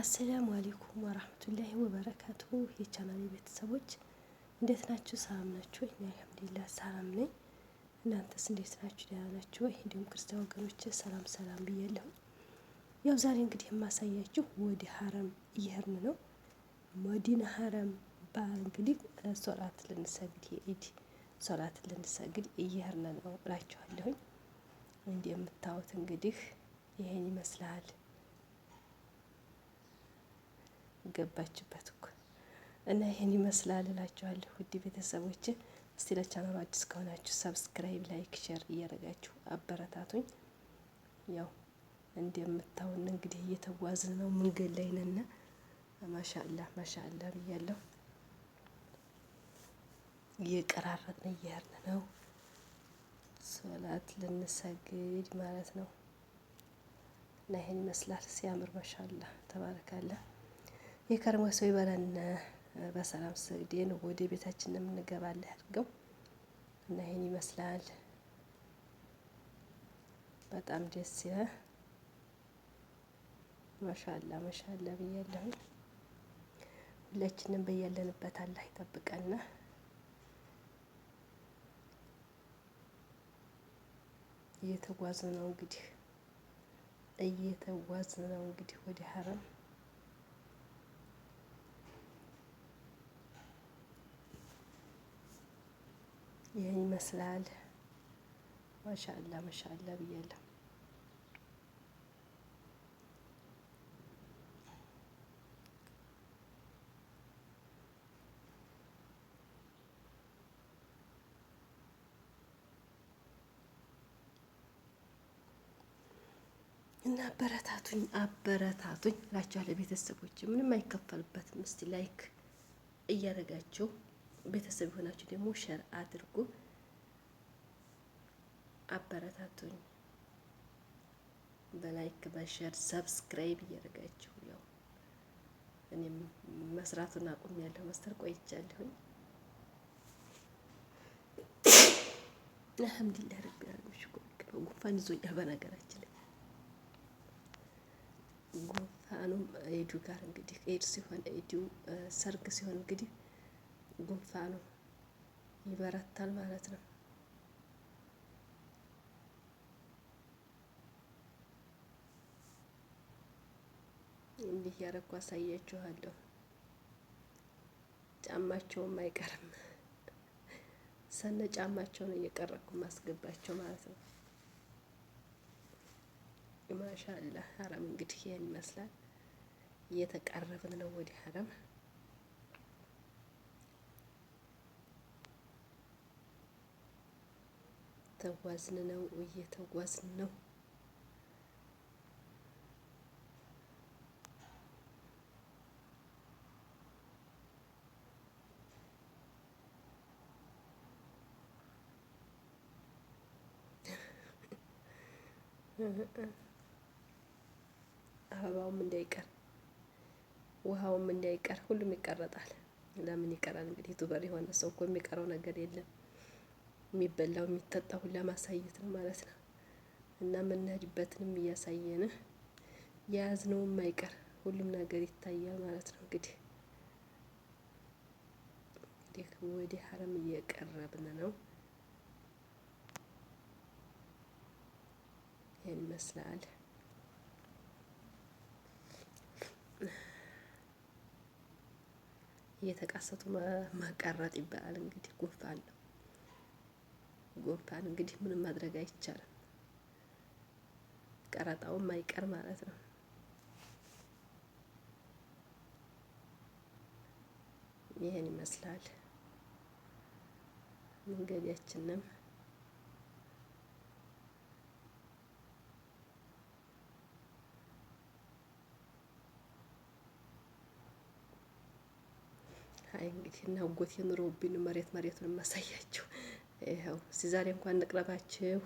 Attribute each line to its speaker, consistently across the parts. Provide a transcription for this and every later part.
Speaker 1: አሰላሙ አሌይኩም ወራህመቱላሂ ወበረካቱ የቻናሌ ቤተሰቦች እንዴት ናችሁ? ሰላም ናችሁ? እኔ አልሐምዱሊላህ ሰላም ነኝ። እናንተስ እንዴት ናችሁ? ደህና ናችሁ ወይ? እንዲሁም ክርስቲያን ወገኖች ሰላም ሰላም ብያለሁ። ያው ዛሬ እንግዲህ የማሳያችሁ ወደ ሀረም እየሄድን ነው። ወዲን ሀረም ባል እንግዲህ ሶላት ልንሰግድ የኢድ ሶላት ልንሰግድ እየሄድን ነው እላችኋለሁኝ። እንደምታዩት እንግዲህ ይሄን ይመስላል ገባችበት እኮ እና ይህን ይመስላል እላችኋለሁ። ውድ ቤተሰቦች እስቲ ለቻናሉ አዲስ ከሆናችሁ ሰብስክራይብ፣ ላይክ፣ ሸር እያደረጋችሁ አበረታቱኝ። ያው እንደምታውን እንግዲህ እየተጓዝን ነው፣ መንገድ ላይ ነን። ማሻአላ ማሻአላ ብያለሁ። እየቀራረጥን እያርን ነው ሶላት ልንሰግድ ማለት ነው። እና ይሄን ይመስላል ሲያምር። ማሻአላ ተባረካለ። የከርሞ ሰው ይበለን። በሰላም ሰግዴን ወደ ቤታችን የምንገባለ ያድርገው እና ይህን ይመስላል። በጣም ደስ ይለ ማሻላ ማሻላ ብያለሁኝ። ሁላችንም በያለንበት አላህ ይጠብቀና እየተጓዝ ነው እንግዲህ እየተጓዝ ነው እንግዲህ ወደ ሀረም ይህን ይመስላል። ማሻላ ማሻአላ ብያለሁ። እና አበረታቱኝ አበረታቱኝ እላችኋለሁ ቤተሰቦች፣ ምንም አይከፈልበትም። እስቲ ላይክ እያደረጋችሁ ቤተሰብ የሆናችሁ ደግሞ ሸር አድርጉ፣ አበረታቱኝ። በላይክ በሸር ሰብስክራይብ እያደረጋችሁ ያው እኔም መስራቱን አቁም ያለው መስተር ቆይቻለሁኝ። አልሐምዱሊላህ ረቢ አለሚን ሽኩር ጉንፋን ይዞኛል። በነገራችን ላይ ጉንፋኑም ኤዱ ጋር እንግዲህ ኤድ ሲሆን ኤዱ ሰርግ ሲሆን እንግዲህ ጉንፋኑ ይበረታል ማለት ነው። እንዲህ ያረኩ አሳያችኋለሁ። ጫማቸውም አይቀርም ሰነ ጫማቸውን እየቀረኩ ማስገባቸው ማለት ነው። ማሻአላህ ሀረም እንግዲህ ይህን ይመስላል። እየተቃረብን ነው ወዲህ ሀረም እየተጓዝን ነው እየተጓዝን ነው። አበባውም እንዳይቀር ውሃውም እንዳይቀር ሁሉም ይቀረጣል። ለምን ይቀራል እንግዲህ ዩቱበር የሆነ ሰው እኮ የሚቀረው ነገር የለም። የሚበላው የሚጠጣው ለማሳየት ነው ማለት ነው። እና የምንሄድበትንም እያሳየን የያዝነው የማይቀር ሁሉም ነገር ይታያል ማለት ነው። እንግዲህ እንግዲህ ወደ ሀረም እየቀረብን ነው። ይህን ይመስላል። እየተቃሰቱ መቀረጥ ይባላል እንግዲህ ጉንፋን ነው። ጎባን እንግዲህ ምንም ማድረግ አይቻልም። ቀረጣውም አይቀር ማለት ነው። ይህን ይመስላል መንገዳችንም አይ እንግዲህ እና ጎቴ ኑሮብኝ መሬት መሬቱን የማሳያቸው ይኸው እስቲ ዛሬ እንኳን እንቅረባችሁ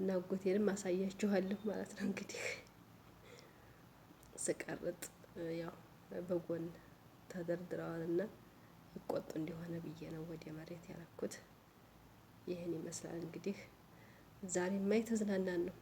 Speaker 1: እና ጉቴንም አሳያችኋለሁ ማለት ነው። እንግዲህ ስቀርጥ ያው በጎን ተደርድረዋልና ይቆጡ እንዲሆነ ብዬ ነው ወደ መሬት ያረኩት። ይህን ይመስላል እንግዲህ ዛሬማ ተዝናናን ነው።